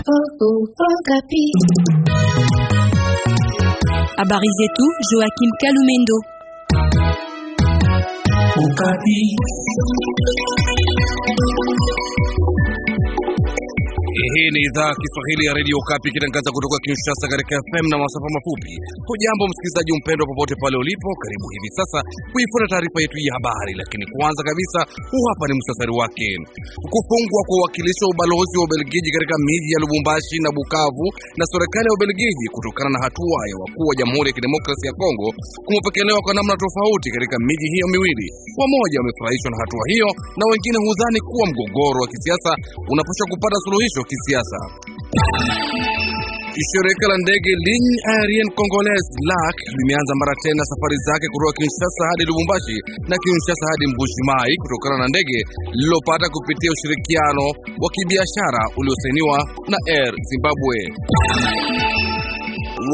Oh, oh, oh Okapi. À Barizetou, Joachim Kalumendo. Okapi. Hii ni idhaa Kiswahili ya Radio Kapi ikitangaza kutoka Kinshasa katika FM na masafa mafupi. Hujambo msikilizaji mpendwa, popote pale ulipo, karibu hivi sasa kuifuata taarifa yetu ya habari, lakini kwanza kabisa, huu hapa ni msasari wake. Kufungwa kwa uwakilishi wa ubalozi wa Ubelgiji katika miji ya Lubumbashi na Bukavu na serikali ya Ubelgiji kutokana na hatua ya wakuu wa Jamhuri ya Kidemokrasia ya Kongo kumepokelewa kwa namna tofauti katika miji hiyo miwili. Wamoja wamefurahishwa na hatua hiyo na wengine hudhani kuwa mgogoro wa kisiasa unapaswa kupata suluhisho kisiasa. Shirika la ndege Ligne Aerienne Congolaise LAC limeanza mara tena safari zake kutoka Kinshasa hadi Lubumbashi na Kinshasa hadi mbushimai kutokana na ndege lililopata kupitia ushirikiano wa kibiashara uliosainiwa na Air Zimbabwe.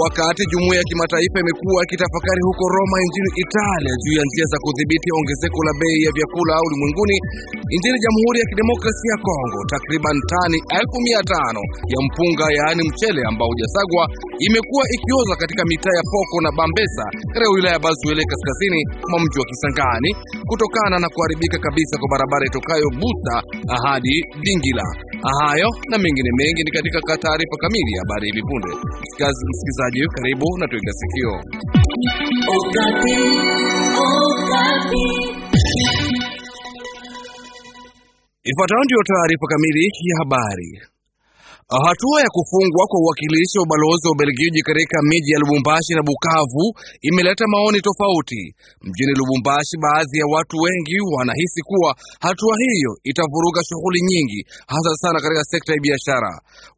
Wakati jumuiya ya kimataifa imekuwa ikitafakari huko Roma nchini Italia juu ya njia za kudhibiti ongezeko la bei ya vyakula ulimwenguni, nchini Jamhuri ya Kidemokrasia ya Kongo takriban tani elfu mia tano ya mpunga yaani mchele ambao hujasagwa imekuwa ikioza katika mitaa ya Poko na Bambesa katika wilaya ya Bazuele kaskazini mwa mji wa Kisangani kutokana na kuharibika kabisa kwa barabara itokayo Buta hadi Dingila. Hayo na mengine mengi ni katika taarifa kamili ya habari hivi punde. Msikilizaji, karibu na tuiga sikio. Ifuatayo ndiyo taarifa kamili ya habari. Ah, hatua ya kufungwa kwa uwakilishi wa ubalozi wa Ubelgiji katika miji ya Lubumbashi na Bukavu imeleta maoni tofauti. Mjini Lubumbashi, baadhi ya watu wengi wanahisi kuwa hatua hiyo itavuruga shughuli nyingi, hasa sana katika sekta ya biashara.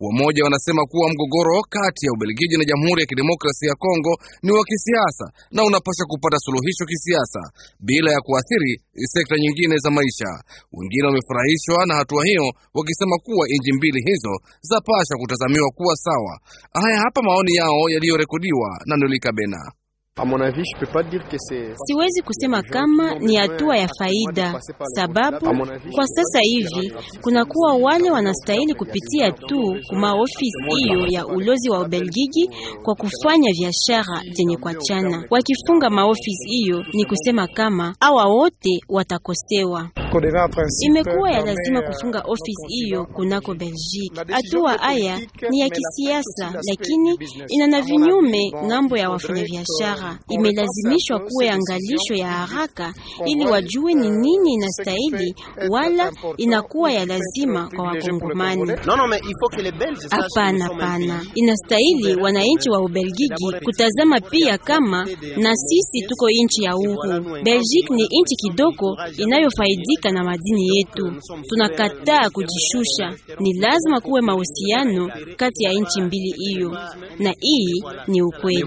Wamoja wanasema kuwa mgogoro kati ya Ubelgiji na Jamhuri ya Kidemokrasia ya Kongo ni wa kisiasa na unapaswa kupata suluhisho kisiasa bila ya kuathiri sekta nyingine za maisha. Wengine wamefurahishwa na hatua hiyo wakisema kuwa nchi mbili hizo za inapasha kutazamiwa kuwa sawa. Haya hapa maoni yao yaliyorekodiwa na Nolika Bena. Siwezi kusema kama ni hatua ya faida, sababu kwa sasa hivi kunakuwa wale wanastahili kupitia tu kumaofisi hiyo ya ulozi wa Ubelgiji kwa kufanya biashara zenye kwa chana. Wakifunga maofisi hiyo, ni kusema kama hawa wote watakosewa. Imekuwa ya lazima kufunga ofisi hiyo kunako Belgique. Hatua haya ni ya kisiasa, lakini ina na vinyume ng'ambo ya wafanyabiashara biashara imelazimishwa kuwe angalisho ya haraka ili wajue ni nini inastahili wala inakuwa ya lazima kwa Wakongomani. Hapana, pana inastahili wananchi wa Ubelgiji kutazama pia kama na sisi tuko nchi ya uhuru. Belgique ni nchi kidogo inayofaidika na madini yetu. Tunakataa kujishusha, ni lazima kuwe mahusiano kati ya nchi mbili hiyo, na hii ni ukweli.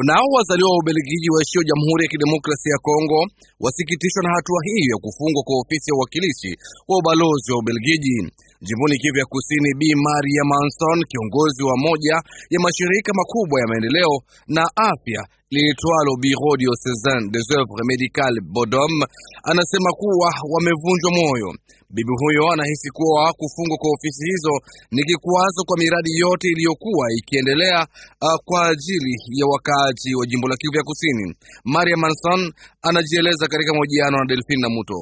Nao wazaliwa wa Ubelgiji waishio Jamhuri ya Kidemokrasia ya Kongo wasikitishwa na hatua hiyo ya kufungwa kwa ofisi ya uwakilishi wa ubalozi wa Ubelgiji jimboni Kivu ya Kusini. Bi Maria Manson, kiongozi wa moja ya mashirika makubwa ya maendeleo na afya liitwalo Birodio Cezanne des Oeuvres Medicales Bodom anasema kuwa wamevunjwa moyo. Bibi huyo anahisi kuwa kufungwa kwa ofisi hizo ni kikwazo kwa miradi yote iliyokuwa ikiendelea uh, kwa ajili ya wakaaji wa jimbo la Kivu ya Kusini. Maria Manson anajieleza katika mahojiano na Delphine muto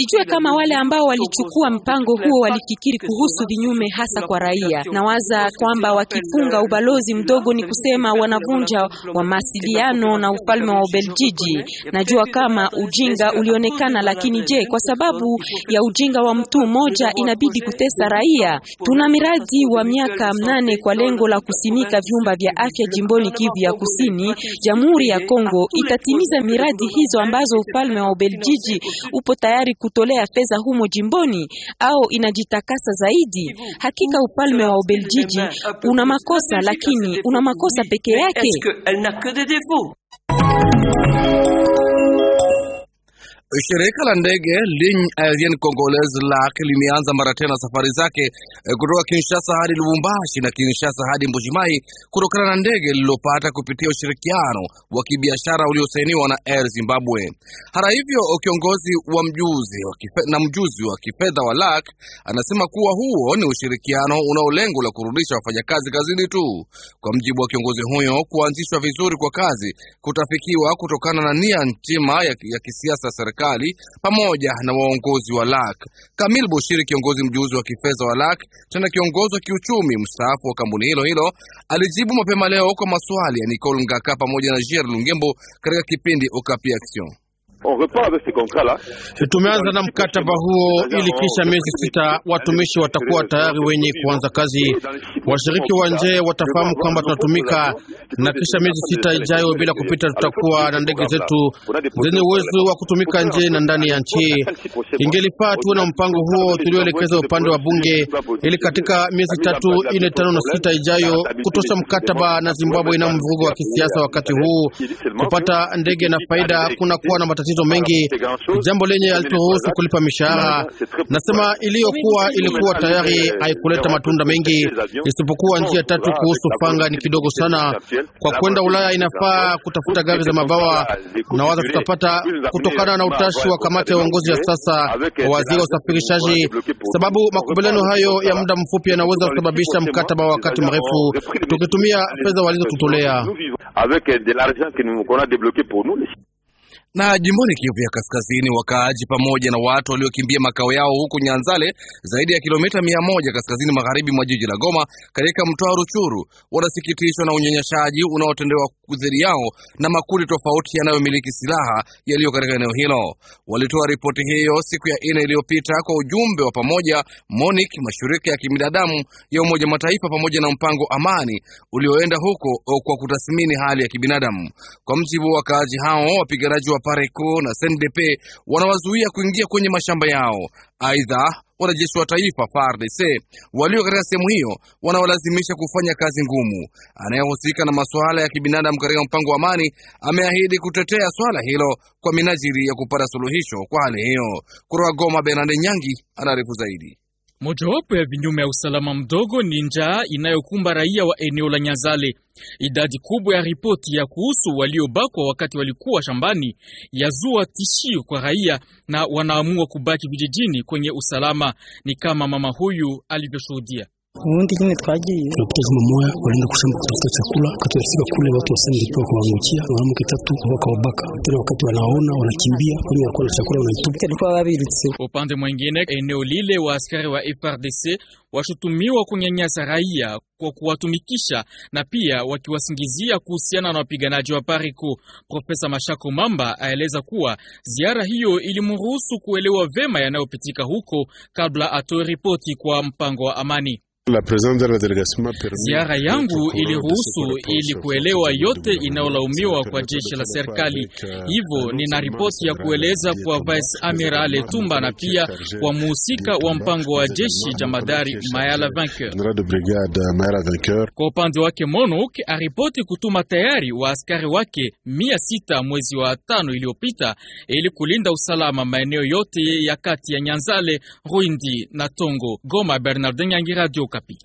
Sijue kama wale ambao walichukua mpango huo walifikiri kuhusu vinyume hasa kwa raia. Nawaza kwamba wakifunga ubalozi mdogo ni kusema wanavunja wa masiliano na ufalme wa Ubeljiji. Najua kama ujinga ulionekana, lakini je, kwa sababu ya ujinga wa mtu mmoja inabidi kutesa raia? Tuna miradi wa miaka mnane kwa lengo la kusimika vyumba vya afya jimboni Kivu ya Kusini. Jamhuri ya Kongo itatimiza miradi hizo ambazo ufalme wa Ubeljiji upo tayari kutolea fedha humo jimboni au inajitakasa zaidi? Hakika ufalme wa Ubeljiji una makosa, lakini una makosa peke yake. Shirika la ndege Ligne Aerienne Congolaise LAC limeanza mara tena safari zake eh, kutoka Kinshasa hadi Lubumbashi na Kinshasa hadi Mbujimai kutokana na ndege lililopata kupitia ushirikiano wa kibiashara uliosainiwa na Air Zimbabwe. Hata hivyo, kiongozi wa mjuzi na mjuzi wa kifedha wa LAC anasema kuwa huo ni ushirikiano unao lengo la kurudisha wafanyakazi kazini tu. Kwa mjibu wa kiongozi huyo, kuanzishwa vizuri kwa kazi kutafikiwa kutokana na nia ntima ya, ya kisiasa serikali pamoja na waongozi wa LAC. Kamil Bushiri, kiongozi mjuzi wa kifedha wa LAC tena kiongozi wa kiuchumi mstaafu wa kampuni hilo hilo, alijibu mapema leo kwa maswali ya Nicole Ngaka pamoja na Jerry Lungembo katika kipindi Okapi Action. Tumeanza na mkataba huo ili kisha miezi sita watumishi watakuwa tayari wenye kuanza kazi. Washiriki wa nje watafahamu kwamba tunatumika, na kisha miezi sita ijayo bila kupita, tutakuwa na ndege zetu zenye uwezo wa kutumika nje na ndani ya nchi. Ingelifaa tuwe na mpango huo tulioelekeza upande wa bunge, ili katika miezi tatu, ine, tano na sita ijayo kutosha mkataba na Zimbabwe na mvurugo wa kisiasa wakati huu. Kupata ndege na faida kunakuwa na matatizo matatizo mengi, jambo lenye alituruhusu kulipa mishahara. Nasema iliyokuwa ilikuwa tayari haikuleta matunda mengi, isipokuwa njia tatu kuhusu fanga ni kidogo sana. Kwa kwenda Ulaya inafaa kutafuta gari za mabawa, na waza tutapata kutokana na utashi wa kamati ya uongozi ya sasa wa waziri wa usafirishaji, sababu makubaliano hayo ya muda mfupi yanaweza kusababisha mkataba wa wakati mrefu tukitumia fedha walizotutolea. Na jimboni Kivu ya Kaskazini, wakaaji pamoja na watu waliokimbia makao yao huko Nyanzale, zaidi ya kilomita mia moja kaskazini magharibi mwa jiji la Goma, katika mtoa Ruchuru, wanasikitishwa na unyenyeshaji unaotendewa dhidi yao na makundi tofauti yanayomiliki silaha yaliyo katika eneo hilo. Walitoa ripoti hiyo siku ya nne iliyopita kwa ujumbe wa pamoja MONUC, mashirika ya kibinadamu ya Umoja Mataifa pamoja na mpango Amani ulioenda huko kwa kutathmini hali ya kibinadamu. Kwa mjibu wa wakaaji hao, wapiganaji wa Pareco na sndp wanawazuia kuingia kwenye mashamba yao. Aidha, wanajeshi wa taifa FARDC walio katika sehemu hiyo wanawalazimisha kufanya kazi ngumu. Anayehusika na masuala ya kibinadamu katika mpango wa amani ameahidi kutetea swala hilo kwa minajili ya kupata suluhisho kwa hali hiyo. Kutoka Goma, Bernard Nyangi anaarifu zaidi. Mojawapo ya vinyume ya usalama mdogo ni njaa inayokumba raia wa eneo la Nyazale. Idadi kubwa ya ripoti ya kuhusu waliobakwa wakati walikuwa shambani yazua tishio kwa raia na wanaamua kubaki vijijini kwenye usalama, ni kama mama huyu alivyoshuhudia. Ubundi nyine twagiye tunapoteza mamoya, walienda kushamba kutafuta chakula, wakati walifika kule watu wa semi ilikuwa kuangukia wanamke tatu wakawabaka tena, wakati wanaona wanakimbia, kwani walikuwa na chakula wanaitupa, walikuwa babirutse. Upande mwingine, eneo lile wa askari wa FRDC washutumiwa kunyanyasa raia kwa kuwatumikisha na pia wakiwasingizia kuhusiana na wapiganaji wa Parico. Profesa Mashako Mamba aeleza kuwa ziara hiyo ilimruhusu kuelewa vema yanayopitika huko kabla atoe ripoti kwa mpango wa amani. Ziara yangu iliruhusu ili kuelewa yote inayolaumiwa kwa jeshi la serikali, hivyo nina ripoti ya kueleza kwa Vice Admiral Etumba na pia kwa muhusika wa mpango wa jeshi jamadari Mayala Vainqueur. Kwa upande wake, MONUC aripoti kutuma tayari wa askari wake mia sita mwezi wa tano iliyopita ili kulinda usalama maeneo yote ya kati ya Nyanzale, Ruindi na Tongo. Goma, Bernardin Yangira, Radio Okapi.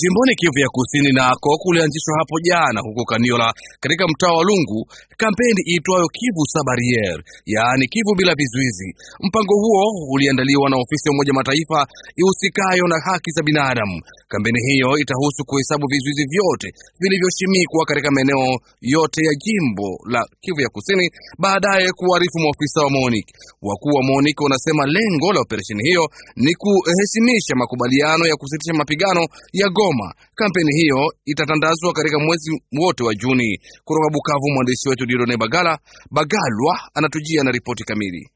Jimboni Kivu ya Kusini nako kulianzishwa hapo jana huko Kaniola katika mtaa wa Lungu kampeni iitwayo Kivu sa barriere, yaani Kivu bila vizuizi. Mpango huo uliandaliwa na ofisi ya Umoja Mataifa ihusikayo na haki za binadamu. Kampeni hiyo itahusu kuhesabu vizuizi vyote vilivyoshimikwa katika maeneo yote ya jimbo la Kivu ya Kusini, baadaye kuarifu maofisa wa MONUC. Wakuu wa MONUC wanasema lengo la operesheni hiyo ni kuheshimisha makubaliano ya kusitisha mapigano mawasiliano ya Goma. Kampeni hiyo itatandazwa katika mwezi wote wa Juni. Kutoka Bukavu, mwandishi wetu Didone Bagala Bagalwa anatujia na ripoti kamili.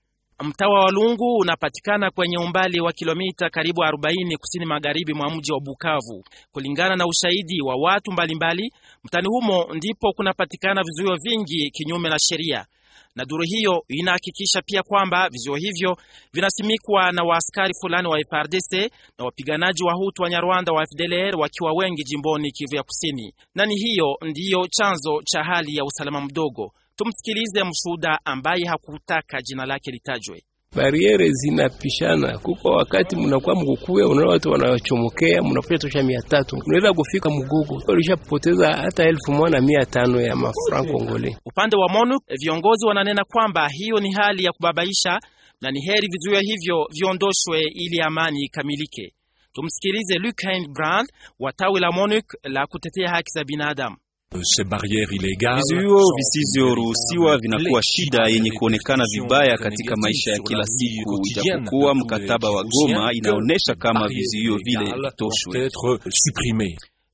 Mtawa wa Lungu unapatikana kwenye umbali wa kilomita karibu 40 kusini magharibi mwa mji wa Bukavu. Kulingana na ushahidi wa watu mbalimbali, mtani humo ndipo kunapatikana vizuio vingi kinyume na sheria na duru hiyo inahakikisha pia kwamba vizio hivyo vinasimikwa na waaskari fulani wa FARDC na wapiganaji wa Hutu wa Nyarwanda wa FDLR wakiwa wengi jimboni Kivu ya Kusini, na ni hiyo ndiyo chanzo cha hali ya usalama mdogo. Tumsikilize mshuhuda ambaye hakutaka jina lake litajwe bariere zinapishana. Kuko wakati mnakuwa mkukue, unaona watu wanachomokea, mnakuja tosha mia tatu, unaweza kufika mgogo poteza hata elfu moja na mia tano ya mafranc Kongole. Upande wa MONUC viongozi wananena kwamba hiyo ni hali ya kubabaisha na ni heri vizuio hivyo viondoshwe ili amani ikamilike. Tumsikilize Luc Hein Brand wa tawi la MONUC la kutetea haki za binadamu. Vizuio visivyoruhusiwa vinakuwa shida yenye kuonekana vibaya katika maisha ya kila siku, ijapokuwa mkataba wa Goma inaonyesha kama vizuio vile vitoshwe.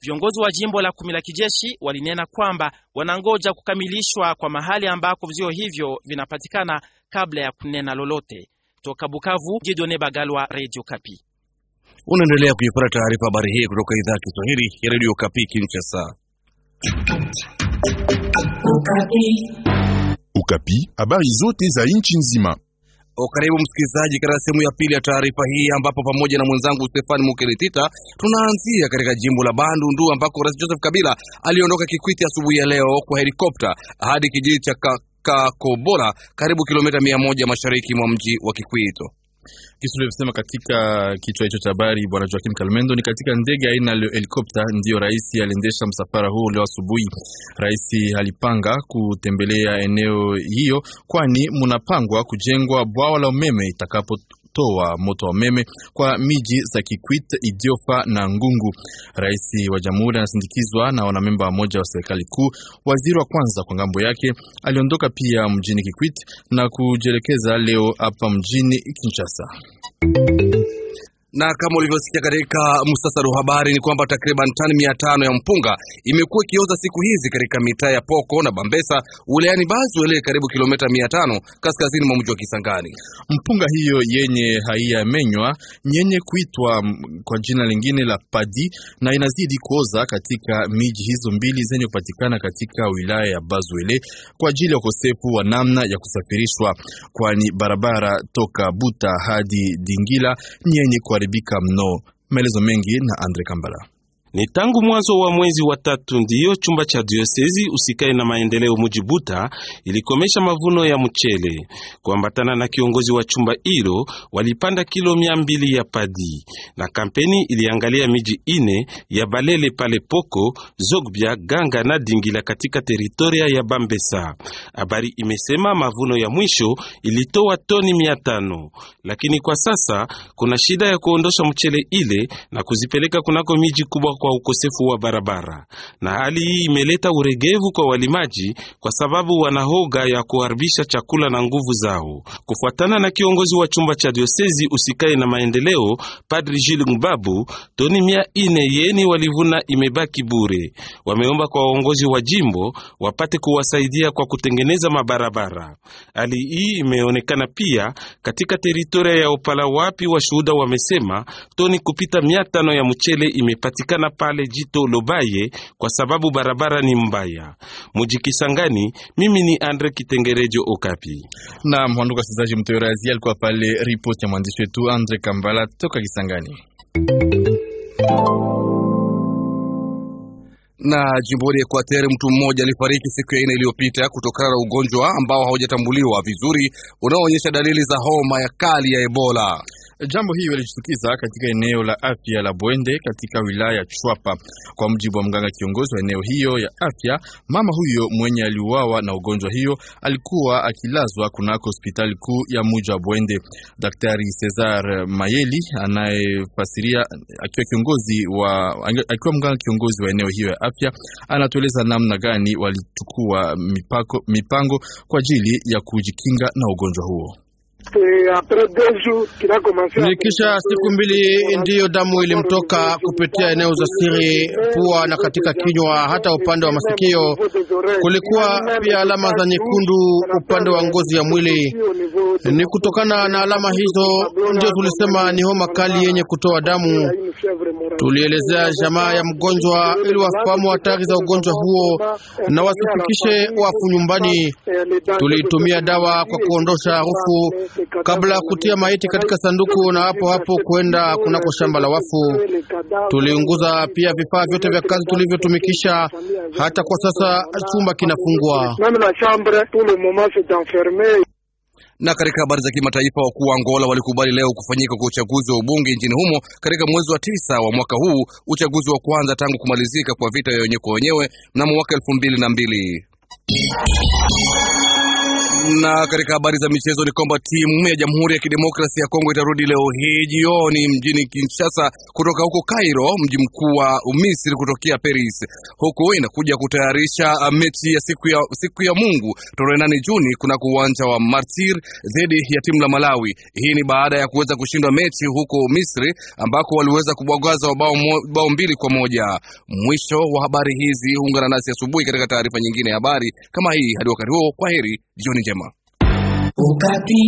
Viongozi wa jimbo la kumi la kijeshi walinena kwamba wanangoja kukamilishwa kwa mahali ambako vizuio hivyo vinapatikana kabla ya kunena lolote. Toka Bukavu, Gideon Bagalwa, Radio Kapi. Unaendelea kuifuata taarifa habari hii kutoka idhaa ya Kiswahili ya Radio Kapi Kinshasa. Ukapi, habari zote za nchi nzima. Karibu msikilizaji, katika sehemu ya pili ya taarifa hii ambapo pamoja na mwenzangu Stefan Mukeritita tunaanzia katika jimbo la Bandundu ambako Rais Joseph Kabila aliondoka Kikwiti asubuhi ya leo kwa helikopta hadi kijiji cha Kakobora karibu kilomita mia moja mashariki mwa mji wa Kikwito kisu tulivyosema katika kichwa hicho cha habari, bwana Joaquim Kalmendo, ni katika ndege aina ya helikopta ndiyo rais aliendesha msafara huo leo asubuhi. Rais alipanga kutembelea eneo hiyo, kwani munapangwa kujengwa bwawa la umeme itakapo kutoa moto wa umeme kwa miji za Kikwit, Idiofa na Ngungu. Rais wa jamhuri anasindikizwa na wanamemba wa moja wa serikali kuu. Waziri wa kwanza kwa ngambo yake aliondoka pia mjini Kikwit na kujielekeza leo hapa mjini Kinshasa na kama ulivyosikia katika mustasari wa habari ni kwamba takriban tani mia tano ya mpunga imekuwa ikioza siku hizi katika mitaa ya Poko na Bambesa wilayani Bazuele, karibu kilomita mia tano kaskazini mwa mji wa Kisangani. Mpunga hiyo yenye haiyamenywa yenye kuitwa kwa jina lingine la padi na inazidi kuoza katika miji hizo mbili zenye kupatikana katika wilaya ya Bazuele kwa ajili ya ukosefu wa namna ya kusafirishwa, kwani barabara toka Buta hadi Dingila nyenye kwa kuharibika mno. Maelezo mengi na Andre Kambala. Ni tangu mwanzo wa mwezi wa tatu ndiyo chumba cha diosezi usikae na maendeleo Mujibuta ilikomesha mavuno ya mchele. Kuambatana na kiongozi wa chumba hilo, walipanda kilo mia mbili ya padi, na kampeni iliangalia miji ine ya Balele pale Poko, Zogbia, Ganga na Dingila katika teritoria ya Bambesa. Habari imesema mavuno ya mwisho ilitoa toni mia tano, lakini kwa sasa kuna shida ya kuondosha mchele ile na kuzipeleka kunako miji kubwa kwa ukosefu wa barabara, na hali hii imeleta uregevu kwa walimaji, kwa sababu wana hoga ya kuharibisha chakula na nguvu zao. Kufuatana na kiongozi wa chumba cha diosezi usikae na maendeleo, Padri Jil Ngbabu, toni mia ine yeni walivuna imebaki bure. Wameomba kwa waongozi wa jimbo wapate kuwasaidia kwa kutengeneza mabarabara. Hali hii imeonekana pia katika teritoria ya Opala wapi washuhuda wamesema toni kupita mia tano ya mchele imepatikana sana pale Jito Lobaye kwa sababu barabara ni mbaya. Mujikisangani, mimi ni Andre Kitengerejo Okapi. na wandugu wasikilizaji, mtoyorazi alikuwa pale ripoti ya mwandishi wetu Andre Kambala toka Kisangani. Na jimboni Ekuater, mtu mmoja alifariki siku ya ine iliyopita kutokana na ugonjwa ambao haujatambuliwa vizuri unaoonyesha dalili za homa ya kali ya Ebola. Jambo hiyo lilijitukiza katika eneo la afya la Bwende katika wilaya ya Chwapa. Kwa mjibu wa mganga kiongozi wa eneo hiyo ya afya, mama huyo mwenye aliuawa na ugonjwa hiyo alikuwa akilazwa kunako hospitali kuu ya muji wa Bwende. Daktari Cesar Mayeli anayefasiria akiwa kiongozi wa akiwa mganga kiongozi wa eneo hiyo ya afya anatueleza namna gani walichukua mipango kwa ajili ya kujikinga na ugonjwa huo. Ni kisha siku mbili ndiyo damu ilimtoka kupitia eneo za siri, pua na katika kinywa, hata upande wa masikio kulikuwa pia alama za nyekundu upande wa ngozi ya mwili. Ni kutokana na alama hizo ndio tulisema ni homa kali yenye kutoa damu. Tulielezea jamaa ya mgonjwa ili wafahamu hatari za ugonjwa huo na wasifikishe wafu nyumbani. Tulitumia dawa kwa kuondosha harufu kabla ya kutia maiti katika sanduku na hapo hapo kwenda kunako shamba la wafu. Tuliunguza pia vifaa vyote vya kazi tulivyotumikisha hata kwa sasa chumba kinafungwa. Na katika habari za kimataifa, wakuu wa Angola walikubali leo kufanyika kwa uchaguzi wa ubunge nchini humo katika mwezi wa tisa wa mwaka huu, uchaguzi wa kwanza tangu kumalizika kwa vita ya wenyewe kwa wenyewe mnamo mwaka elfu mbili na mbili. Na katika habari za michezo ni kwamba timu ya Jamhuri ya Kidemokrasia ya Kongo itarudi leo hii jioni mjini Kinshasa kutoka huko Cairo, mji mkuu wa Misri kutokea Paris. Huku inakuja kutayarisha uh, mechi ya siku ya, siku ya Mungu tarehe 8 Juni kunako uwanja wa Martir dhidi ya timu la Malawi. Hii ni baada ya kuweza kushindwa mechi huko Misri ambako waliweza kubwagaza bao, bao mbili kwa moja. Mwisho wa habari hizi, ungana nasi asubuhi katika taarifa nyingine ya habari kama hii. Hadi wakati huo, kwa heri, jioni njema. papi.